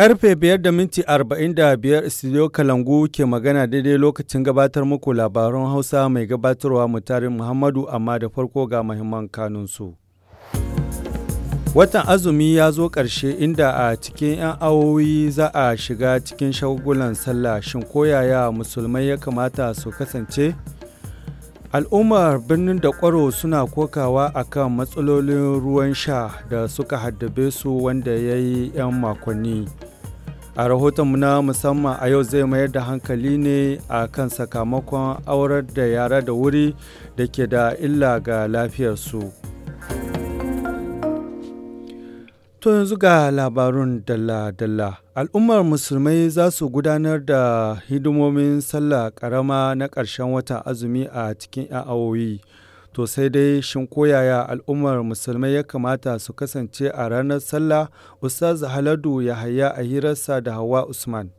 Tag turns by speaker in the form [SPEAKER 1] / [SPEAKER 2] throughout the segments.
[SPEAKER 1] Karfe biyar da minti biyar Studio Kalangu ke magana daidai lokacin gabatar muku labaran Hausa mai gabatarwa mutarin Muhammadu amma da farko ga mahimman kanunsu. Watan azumi ya zo ƙarshe inda a cikin 'yan awowi za a shiga cikin shagulan sallah shin koyaya musulmai ya kamata su kasance? Al'ummar birnin da kwaro suna kokawa akan matsalolin ruwan sha da suka haddabe su wanda ya yi 'yan makonni. a rahotonmu na musamman a yau zai mayar da hankali ne a kan sakamakon aurar da yara da wuri da ke da illa ga lafiyarsu to yanzu ga labarun dalla-dalla al'ummar musulmai za su gudanar da hidimomin sallah karama na ƙarshen watan azumi a cikin 'yan awoyi To sai dai shin ko yaya al'ummar musulmai ya kamata su kasance a ranar sallah Ustaz Haladu Yahaya a hirarsa da Hawa Usman.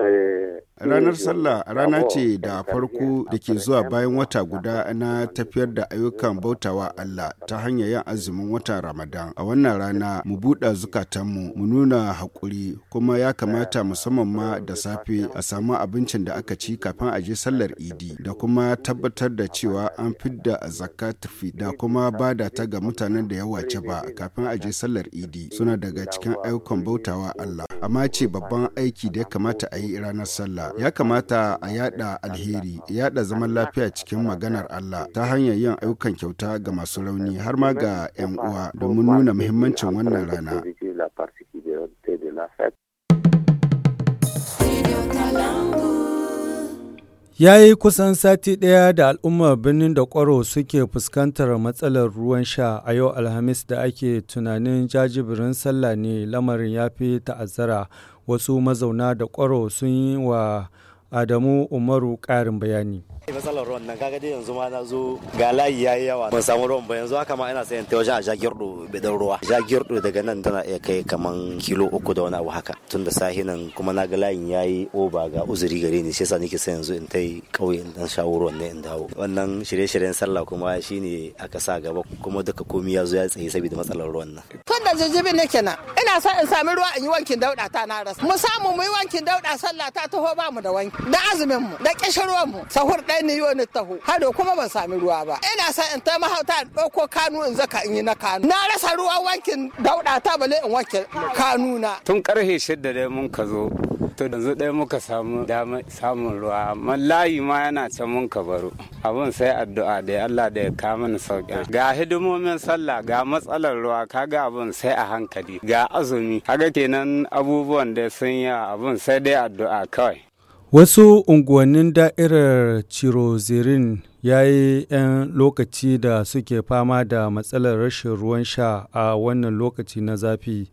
[SPEAKER 2] Eh, Ranar Sallah rana ce da farko da ke zuwa bayan wata guda na tafiyar da ayyukan bautawa Allah ta hanyar yin azumin watan Ramadan. A wannan rana mu buɗe zukatanmu mu nuna haƙuri kuma ya kamata musamman ma da safe a samu abincin da aka ci kafin a je sallar Idi da kuma tabbatar da cewa an fidda zakatufi da kuma bada ta ga mutanen da ya wace ba kafin a je sallar Idi suna daga cikin ayyukan bautawa Allah amma ce babban aiki da ya kamata a yi ranar sallah ya kamata a yada alheri yada zaman lafiya cikin maganar Allah ta hanyar yin ayyukan kyauta ga masu rauni har ma ga 'yan uwa domin nuna muhimmancin wannan rana.
[SPEAKER 1] Ya yi kusan sati ɗaya da al'ummar birnin da ƙwaro suke fuskantar matsalar ruwan sha a yau Alhamis da ake tunanin jajibirin sallah ne lamarin ya fi ta'azzara. wasu mazauna da ƙwaro sun yi wa adamu umaru ƙarin bayani
[SPEAKER 2] matsalar ruwan nan kaga dai yanzu ma na zo ga layi yayi yawa ban samu ruwan ba yanzu haka ma ina sayan ta wajen a jagirdo bidan ruwa jagirdo daga nan tana iya kai kaman kilo uku da wani abu haka tun da sahi nan kuma na ga layin yayi oba ga uzuri gare ni shi yasa nake sa yanzu in yi kauye in dan shawo ruwan nan in dawo wannan shirye-shiryen sallah kuma shine aka sa gaba kuma duka komi ya zo ya tsaye saboda matsalar ruwan nan
[SPEAKER 3] tun da jijjibi nake kenan ina son in sami ruwa in yi wankin dauda ta na rasa mu samu mu yi wankin dauda sallah ta taho ba mu da wanki da azumin mu da kishin ruwan mu sahur ɗaya sai ni yau ni taho hado kuma ban sami ruwa ba ina sa in ta mahauta in ɗauko kanu in zaka in yi na kanu na rasa ruwa wankin dauɗa ta bale in wanke kanu na tun
[SPEAKER 2] karhe shidda dai mun ka zo to yanzu ɗaya muka samu dama samun ruwa amma layi ma yana can mun ka baro abun sai addu'a da Allah da ya ka mana sauki ga hidimomin sallah ga matsalar ruwa kaga abun sai a hankali ga azumi kaga kenan abubuwan da sun yi abun sai dai addu'a kawai
[SPEAKER 1] Wasu unguwannin da'irar cirozirin ya yi 'yan lokaci da suke fama da matsalar rashin ruwan sha a wannan lokaci na zafi.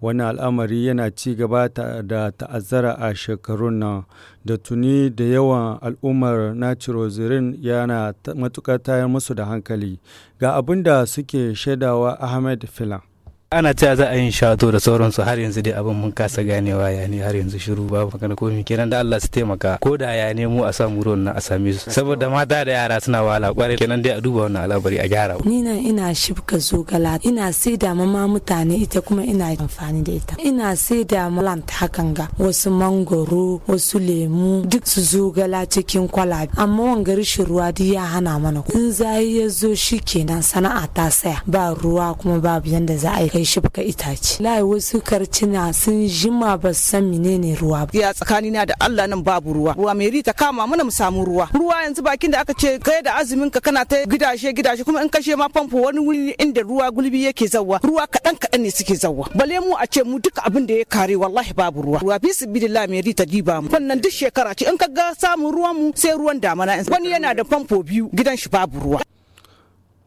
[SPEAKER 1] Wani al'amari yana ci gaba da ta'azzara a shekarun nan da tuni da yawan al'ummar na cirozirin yana matuƙar tayar musu da hankali. Ga abin da suke shaidawa Ahmed Filan.
[SPEAKER 2] ana cewa za a yin shato da sauransu har yanzu dai abin mun kasa ganewa ya ne har yanzu shiru ba magana ko kenan da Allah su taimaka ko da ya nemo a samu ruwan nan a same su saboda mata da yara suna wahala kwarai kenan dai a duba wannan al'abari a gyara
[SPEAKER 3] ni na ina shibka zogala ina sai da mama mutane ita kuma ina amfani da ita ina sai da ta hakan ga wasu mangoro wasu lemu duk su zogala cikin kwalabe amma wanga rashin ruwa duk ya hana mana in zai ya zo shi kenan sana'a ta saya ba ruwa kuma babu yanda za a yi kai shi baka itace lai wasu karcina sun
[SPEAKER 4] jima ba san menene ruwa ba ya tsakani na da Allah nan babu ruwa ruwa mai rita kama mana mu samu ruwa ruwa yanzu bakin da aka ce kai da azumin ka kana ta gidashe gidashe kuma in kashe ma famfo wani wuri inda ruwa gulbi yake zawwa ruwa kadan kadan ne suke zawwa bale mu a ce mu duka abin da ya kare wallahi babu ruwa ruwa bi sabilillah mai rita diba mu wannan duk shekara ce in ka ga samun ruwan mu sai ruwan damana wani yana da famfo biyu gidan shi babu ruwa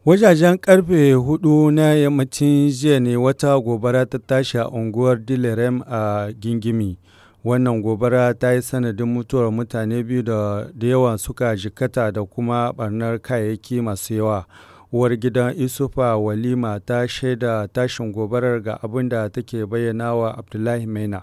[SPEAKER 1] Wajajen karfe hudu na yammacin jiya ne wata gobara ta tashi a unguwar Dilerem a Gingimi. Wannan gobara ta yi sanadin mutuwar mutane biyu da yawa suka jikata da kuma barnar kayayyaki masu yawa. Uwar gidan Isufa Walima ta shaida tashin gobarar ga abin da take bayyana wa Abdullahi Maina.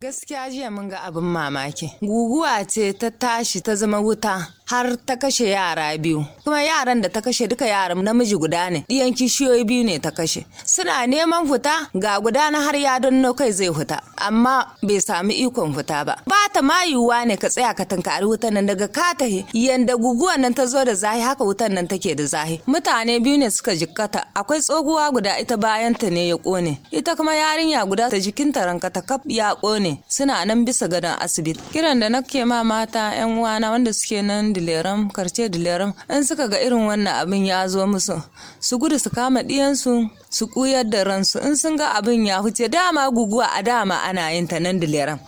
[SPEAKER 3] Gaskiya jiya mun ga abin mamaki. Guguwa ce ta tashi ta zama wuta har ta kashe yara biyu. Kuma yaran da ta kashe duka yaran namiji guda ne, ɗiyan kishiyoyi biyu ne ta kashe. Suna neman fita ga guda na har ya don kai zai fita, amma bai samu ikon fita ba. Ba ta ma yiwuwa ne ka tsaya ka tankari wutan nan daga ka ta yanda guguwan nan ta zo da zahi haka wutan nan take da zahi mutane biyu ne suka jikkata akwai tsohuwa guda ita bayan ta ne ya kone ita kuma yarinya guda ta jikinta ranka ta kaf ya kone suna nan bisa gadon asibiti kiran da nake ma mata yan uwana wanda suke nan dileram karce dileram in suka ga irin wannan abin ya zo musu su gudu su kama diyansu su kuyar da ransu in sun ga abin ya huce dama guguwa a dama ana
[SPEAKER 4] yin ta nan dileram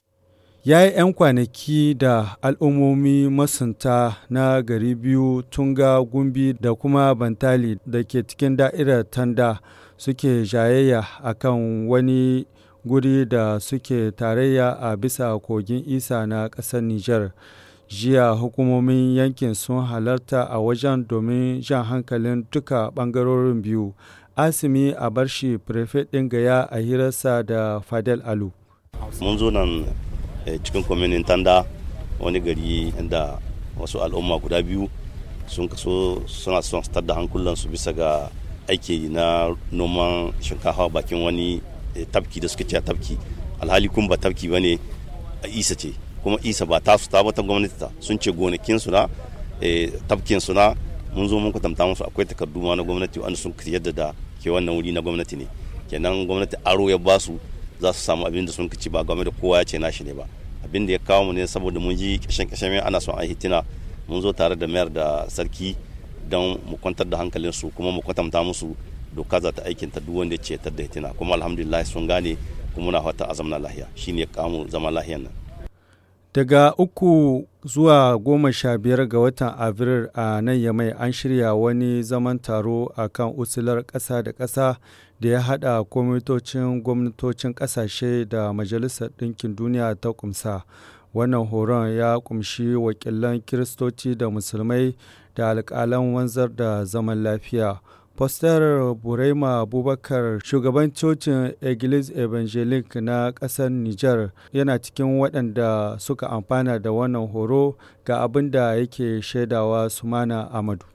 [SPEAKER 1] ya yi 'yan kwanaki da al'ummomi masunta na gari biyu tunga gumbi da kuma bantali da ke cikin da'irar tanda suke jayayya a kan wani guri da suke tarayya a bisa kogin isa na ƙasar niger jiya hukumomin yankin sun halarta a wajen domin jan hankalin duka ɓangarorin biyu asimi a barshi prefet ɗin gaya a hirarsa da fadel alu
[SPEAKER 5] mun zo nan Eh, cikin kwaminin tanda wani gari inda wasu al'umma guda biyu sun kaso suna son su da hankulansu bisa ga aiki na noman shinkafa bakin wani eh, tafki da suka ce tafki alhali kun ba tafki ba ne a isa ce kuma isa ba tasu ta ba ta gwamnati ta sun ce gonakinsu na eh, tafkinsu na mun zo mun kwatanta musu akwai takardu ma na gwamnati wanda sun yadda da ke wannan wuri na gwamnati ne kenan gwamnati aro ya basu za su samu abin da sun ci ba game da kowa ya ce nashi ne ba abin da ya kawo mu ne saboda mun ji kashin mai ana son a hitina mun zo tare da mayar da sarki don mu kwantar da hankalin su kuma mu kwatanta musu doka za ta aikinta duk wanda ya ce ta da hitina kuma alhamdulillah sun gane kuma muna fata a zamna lahiya shine ya kamu zama lahiyan nan
[SPEAKER 1] daga uku zuwa goma sha biyar ga watan abril a nan yamai an shirya wani zaman taro akan kan usular ƙasa da kasa. da ya haɗa kwamitocin gwamnatocin ƙasashe da Majalisar Ɗinkin Duniya ta ƙumsa. Wannan horon ya ƙumshi wakilan Kiristoci da Musulmai da alƙalan wanzar da zaman lafiya. Foster Burema Abubakar shugaban cocin Eglise Evangelique na ƙasar Nijar yana cikin waɗanda suka amfana da wannan horo ga abin da yake shaidawa sumana amadu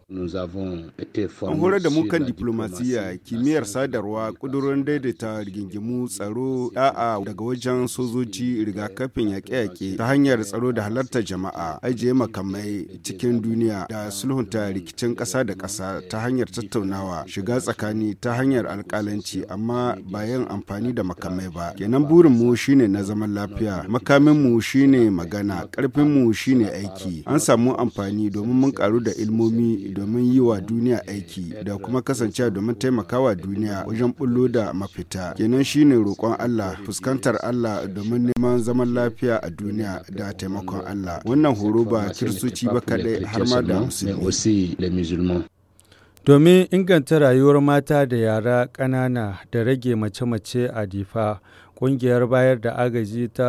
[SPEAKER 2] An horar da mu kan diplomasiya, kimiyyar sadarwa, kudurin daidaita rigingimu, tsaro, da'a daga wajen sojoji, rigakafin yaƙe-yaƙe ta hanyar tsaro da halartar jama'a, ajiye makamai cikin duniya da sulhunta rikicin ƙasa da ƙasa ta hanyar tattaunawa, shiga tsakani ta hanyar alƙalanci amma bayan amfani da makamai ba. Kenan burin mu shine na zaman lafiya, makamin mu shine magana, ƙarfin mu shine aiki. aiki an samu amfani domin mun karu da ilmomi domin yi wa duniya aiki da kuma kasance domin taimakawa duniya wajen bullo da mafita kenan shine roƙon Allah fuskantar Allah domin neman zaman lafiya a duniya da taimakon Allah wannan horo ba kirsuci ba kadai har ma da
[SPEAKER 1] domin inganta rayuwar mata da yara ƙanana da rage mace-mace a difa ƙungiyar bayar da agaji ta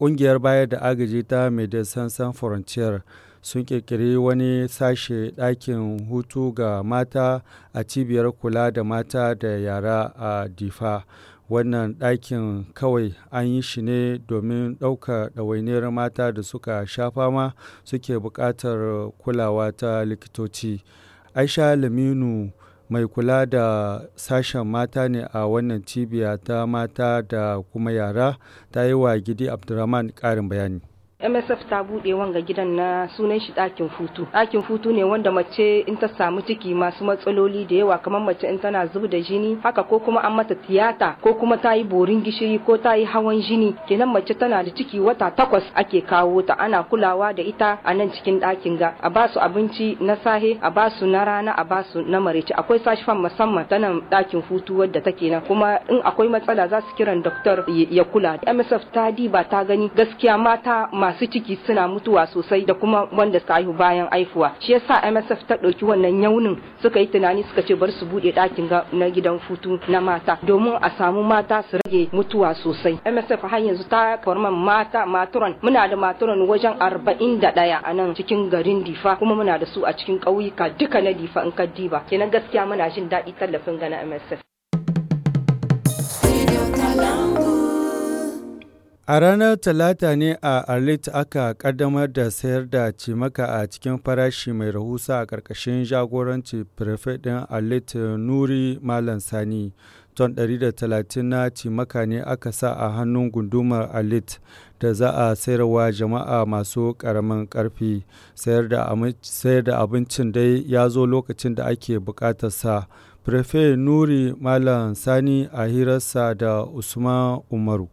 [SPEAKER 1] Ƙungiyar bayar da agaji ta Medecins sansan Frontier sun ƙirƙiri wani sashe ɗakin hutu ga mata a cibiyar kula da mata da yara a Difa. Wannan ɗakin kawai an yi shi ne domin ɗauka ɗawainiyar mata da suka sha fama suke buƙatar kulawa ta likitoci. Aisha Laminu mai kula da sashen mata ne a wannan cibiya ta mata da kuma yara ta yi wa gidi abdulrahman ƙarin bayani
[SPEAKER 4] MSF ta buɗe ga gidan na sunan shi ɗakin futu. Ɗakin futu ne wanda mace in ta samu ciki masu matsaloli da yawa kamar mace in tana zub da jini haka ko kuma an mata tiyata ko kuma ta yi borin gishiri ko ta yi hawan jini kenan mace tana da ciki wata takwas ake kawo ta ana kulawa da ita a nan cikin ɗakin ga a ba su abinci na sahe a ba su na rana a ba su na marece akwai fan musamman ta nan ɗakin futu wadda take nan kuma in akwai matsala za su kiran doktor ya kula MSF ta diba ta gani gaskiya mata masu ciki suna mutuwa sosai da kuma wanda suka haihu bayan aifuwa shi yasa MSF ta ɗauki wannan yaunin suka yi tunani suka ce bar su buɗe ɗakin na gidan futu na mata domin a samu mata su rage mutuwa sosai MSF har yanzu ta kwarman mata maturan muna da maturan wajen arba'in da ɗaya a nan cikin garin difa kuma muna da su a cikin ƙauyuka duka na difa in ka diba kenan gaskiya muna jin daɗi tallafin ga na MSF.
[SPEAKER 1] A ranar Talata ne a Arlit aka kaddamar da sayar da cimaka a cikin farashi mai rahusa a ƙarƙashin jagoranci prefet ɗin Arlit Nuri Malam Sani. Ton 130 na cimaka ne aka sa a hannun gundumar Arlit da za a sayarwa jama'a masu ƙaramin ƙarfi. Sayar da abincin dai ya zo lokacin da ake buƙatarsa. Prefet Nuri Malam Sani a hirarsa da Usman Umaru.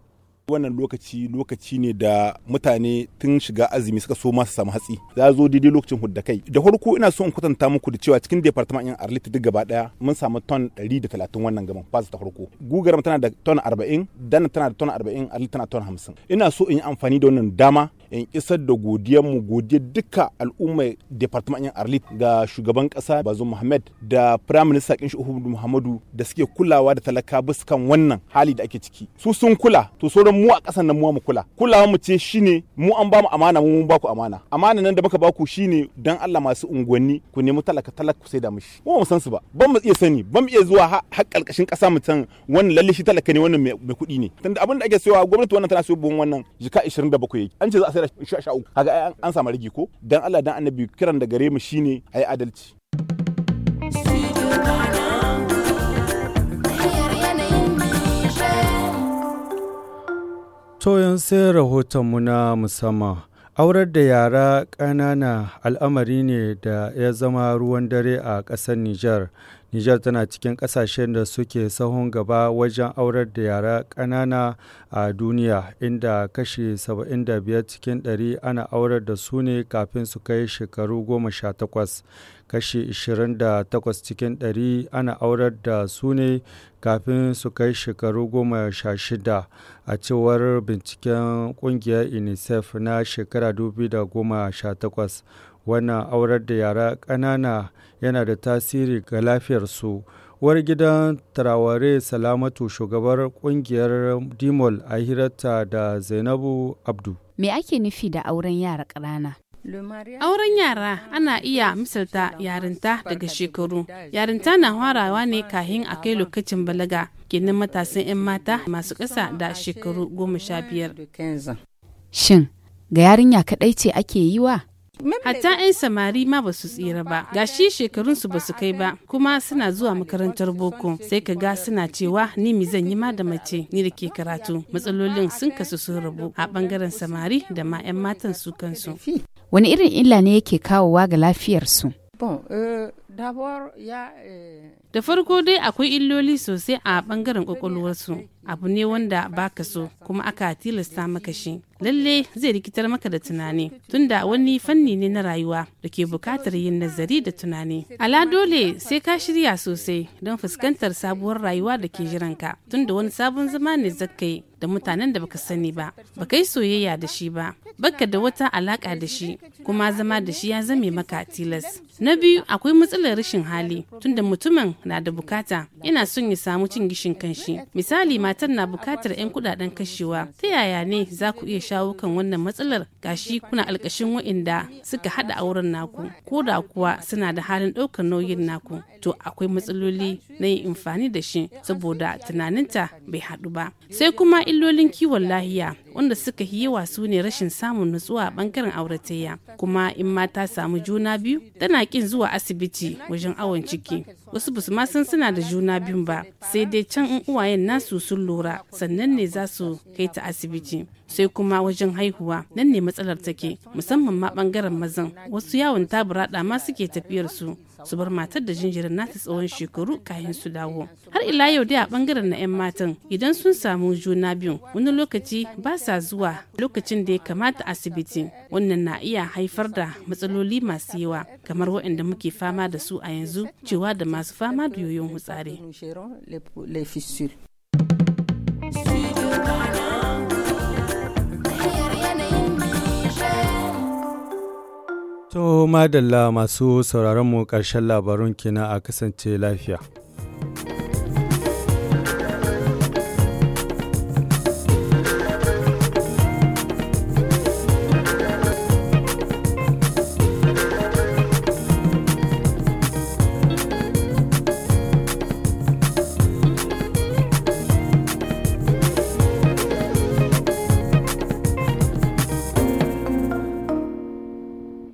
[SPEAKER 5] wannan lokaci lokaci ne da mutane tun shiga azumi suka so masu samu hatsi za zo daidai lokacin hudda kai da farko ina so in kwatanta muku da cewa cikin department in arlita duk gaba daya mun samu ton 130 wannan gaban fasa ta farko gugar tana da ton 40 dana tana da ton 40 arlita tana ton 50 ina so in yi amfani da wannan dama in isar da mu godiyar duka al'ummar department yan arlit ga shugaban kasa bazum muhammad da prime minister kinshi uhumudu muhammadu da suke kulawa da talaka bisa kan wannan hali da ake ciki su sun kula to sauran mu a kasan nan mu mu kula kulawa mu ce shine mu an ba mu amana mu mun ba ku amana amana nan da muka ba ku shine dan Allah masu unguwanni ku nemi talaka talaka ku sai da mishi mu san su ba ban mu iya sani ban mu iya zuwa har karkashin kasa mu san wannan lalle shi talaka ne wannan mai kuɗi ne tunda abin da ake sayowa gwamnati wannan tana sayo buhun wannan jika 27 yake an ce za a sai da sha'u ai an samu rigi ko dan Allah dan annabi kiran da gare mu shine ayi adalci
[SPEAKER 1] To yan sai rahotonmu na musamman aurar da yara ƙanana al'amari ne da ya zama ruwan dare a ƙasar Nijar. Nijar tana cikin ƙasashen da suke sahun gaba wajen aurar da yara ƙanana a duniya inda kashi 75 cikin 100 ana aurar da su ne kafin su kai shekaru 18. kashi 28 cikin 100 ana aurar da su ne kafin su kai shekaru 16 a cewar binciken kungiyar unicef na shekara 2018 wannan aurar da yara ƙanana yana da tasiri ga lafiyarsu uwar gidan taraware salamatu shugabar kungiyar dimol a hirarta da zainabu abdu
[SPEAKER 3] me ake nufi da auren yara ƙanana Auren yara ana iya misalta yarinta daga shekaru. Yarinta na harawa ne kahin a kai lokacin balaga ginin matasan 'yan mata masu ƙasa da shekaru goma sha biyar. Shin, ga yarinya kaɗai ce ake yi wa? Hatta 'yan samari ma ba su tsira ba, ga gashi shekarunsu ba su kai ba, kuma suna zuwa makarantar boko sai ka ga suna cewa ni mi zan yi ma da mace ni da ke karatu. Matsalolin sun kasu sun rabu a bangaren samari da ma 'yan matan su kansu. Wani irin illa ne
[SPEAKER 4] yake kawowa ga lafiyarsu? Bon,
[SPEAKER 3] euh, Eh, da farko dai akwai illoli sosai a bangaren kwakwalwarsu abu ne wanda baka so kuma aka tilasta maka shi. Lalle zai rikitar maka da tunani tunda wani fanni ne na rayuwa da ke bukatar yin nazari da tunani. Ala dole sai ka shirya sosai don fuskantar sabuwar rayuwa da ke jiranka tunda wani sabon zama ne zakkai da mutanen da baka sani ba, baka yi soyayya da shi ba, baka da wata alaka da shi kuma zama da shi ya zame maka tilas na biyu akwai matsalar rashin hali tunda mutumin na da bukata yana son ya samu cin gishin kanshi misali matar na bukatar 'yan kudaden kashewa ta yaya ne za ku iya shawo kan wannan matsalar gashi kuna alkashin wa'inda suka hada auren naku ko da kuwa suna da halin ɗaukar nauyin naku to akwai matsaloli na yin amfani da shi saboda tunaninta bai haɗu ba sai kuma illolin kiwon lahiya wanda suka yi yawa su ne rashin samun nutsuwa a bangaren auratayya kuma in mata samu juna biyu tana kin zuwa asibiti wajen awon ciki wasu basu ma san suna da juna biyun ba sai dai can in uwayen nasu sun lura sannan ne za su kai ta asibiti sai kuma wajen haihuwa nan ne matsalar take musamman ma bangaren mazan wasu yawon taburada ma suke tafiyar su su bar matar da jinjirin nata tsawon shekaru kayan su dawo har ila yau dai a bangaren na 'yan matan idan sun samu juna biyu wani lokaci ba sa zuwa lokacin da ya kamata asibiti wannan na iya haifar da matsaloli masu yawa kamar waɗanda muke fama da su a yanzu cewa da masu fama da yoyon
[SPEAKER 4] hutsari.
[SPEAKER 1] To madalla masu sauraron mu ƙarshen labarun kina a kasance lafiya.